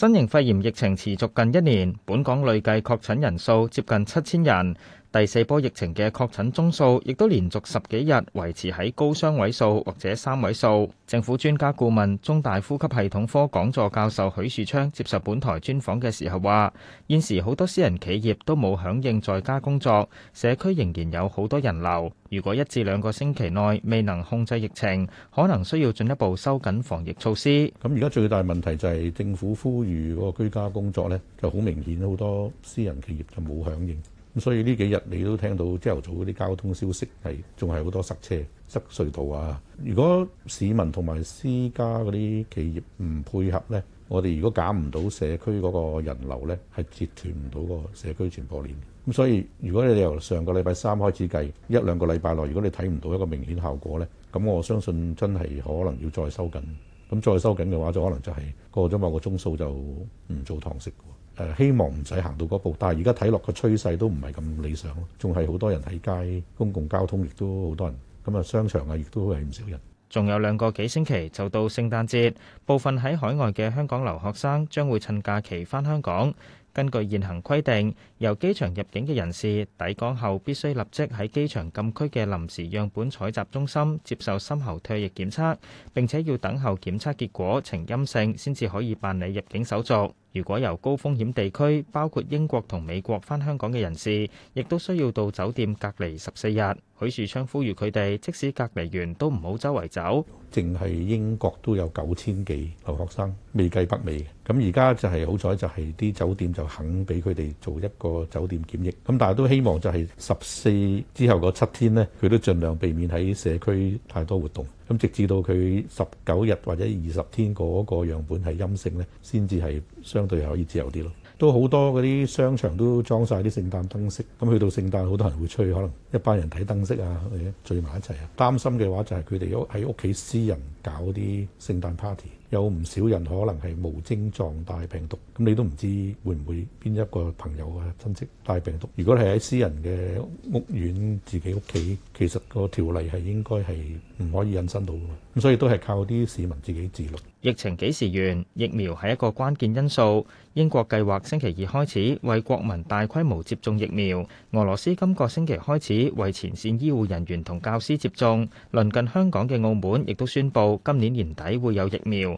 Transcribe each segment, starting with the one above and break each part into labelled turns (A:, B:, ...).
A: 新型肺炎疫情持續近一年，本港累計確診人數接近七千人。第四波疫情嘅確診宗數亦都連續十幾日維持喺高雙位數或者三位數。政府專家顧問、中大呼吸系統科講座教授許樹昌接受本台專訪嘅時候話，現時好多私人企業都冇響應在家工作，社區仍然有好多人流。如果一至兩個星期內未能控制疫
B: 情，可能需要進一步收緊防疫措施。咁而家最大問題就係政府呼籲嗰個居家工作呢，就好明顯好多私人企業就冇響應。所以呢幾日你都聽到朝頭早嗰啲交通消息係仲係好多塞車、塞隧道啊！如果市民同埋私家嗰啲企業唔配合呢，我哋如果減唔到社區嗰個人流呢，係截斷唔到個社區傳播鏈。咁所以如果你哋由上個禮拜三開始計一兩個禮拜內，如果你睇唔到一個明顯效果呢，咁我相信真係可能要再收緊。咁再收緊嘅話，就可能就係過咗某個鐘數就唔做堂食。誒，希望唔使行到嗰步，但係而家睇落個趨勢都唔係咁理想咯，仲係好多人喺街，公共交通亦都好多人，咁啊，商場啊，亦都係唔少人。
A: 仲有兩個幾星期就到聖誕節，部分喺海外嘅香港留學生將會趁假期返香港。根據現行規定，由機場入境嘅人士抵港後必須立即喺機場禁區嘅臨時樣本採集中心接受深喉唾液檢測，並且要等候檢測結果呈陰性先至可以辦理入境手續。如果由高風險地區，包括英國同美國返香港嘅人士，亦都需要到酒店隔離十四日。許樹昌呼籲佢哋，即使隔離完都唔好周
B: 圍走。淨係英國都有九千幾留學生，未計北美嘅。咁而家就係好彩，就係啲酒店就肯俾佢哋做一個酒店檢疫。咁但係都希望就係十四之後嗰七天咧，佢都盡量避免喺社區太多活動。咁直至到佢十九日或者二十天嗰個樣本係陰性咧，先至係相對可以自由啲咯。都好多嗰啲商場都裝晒啲聖誕燈飾，咁去到聖誕，好多人會吹，可能一班人睇燈飾啊，或者聚埋一齊啊。擔心嘅話就係佢哋喺屋企私人搞啲聖誕 party。有唔少人可能係無症狀帶病毒，咁你都唔知會唔會邊一個朋友嘅親戚帶病毒。如果係喺私人嘅屋苑自己屋企，其實個條例係應該係唔可以引申到嘅，咁所以都係靠啲市民自己自律。
A: 疫情幾時完？疫苗係一個關鍵因素。英國計劃星期二開始為國民大規模接種疫苗。俄羅斯今個星期開始為前線醫護人員同教師接種。鄰近香港嘅澳門亦都宣布今年年底會有疫苗。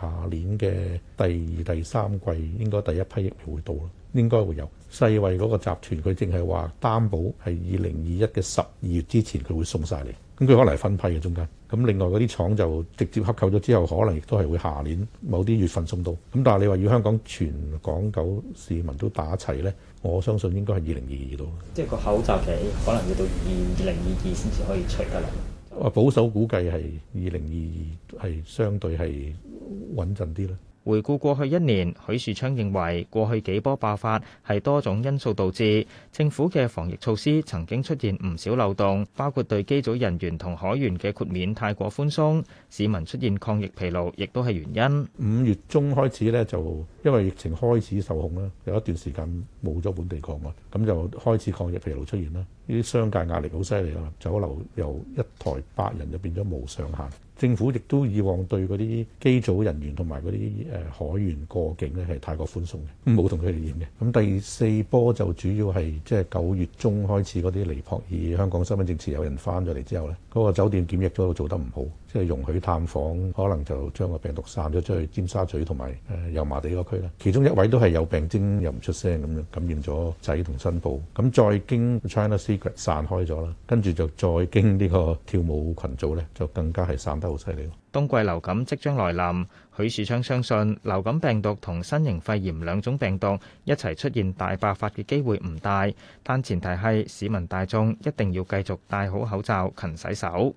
B: 下年嘅第二、第三季應該第一批疫苗會到咯，應該會有。世衞嗰個集團佢淨係話擔保係二零二一嘅十二月之前佢會送晒嚟，咁佢可能係分批嘅中間。咁另外嗰啲廠就直接洽購咗之後，可能亦都係會下年某啲月份送到。咁但係你話要香港全港九市民都打齊呢，我相信應該係二零二二到。即
A: 係個口罩期可能要到二零二二先至可以
B: 出得嚟。我保守估計係二零二二係相對係
A: 穩陣啲啦。回顧過去一年，許樹昌認為過去幾波爆發係多種因素導致，政府嘅防疫措施曾經出現唔少漏洞，包括對機組人員同海員嘅豁免太過寬鬆，市民出現抗疫疲勞亦都係原因。
B: 五月中開始咧就因為疫情開始受控啦，有一段時間冇咗本地確案，咁就開始抗疫疲勞出現啦。呢啲商界壓力好犀利啊，酒樓由一台八人就變咗無上限。政府亦都以往對嗰啲機組人員同埋嗰啲誒海員過境咧，係太過寬鬆嘅，冇同佢哋檢嘅。咁第四波就主要係即係九月中開始嗰啲尼泊爾，而香港身份證持有人翻咗嚟之後咧，嗰、嗰個酒店檢疫嗰度做得唔好。即係容許探訪，可能就將個病毒散咗出去尖沙咀同埋油麻地嗰區啦。其中一位都係有病徵又唔出聲咁樣感染咗仔同新抱，咁再經 China Secret 散開咗啦，跟住就再經呢個跳舞羣組咧，就更加係散得好犀利。
A: 冬季流感即將來臨，許樹昌相信流感病毒同新型肺炎兩種病毒一齊出現大爆發嘅機會唔大，但前提係市民大眾一定要繼續戴好口罩、勤洗手。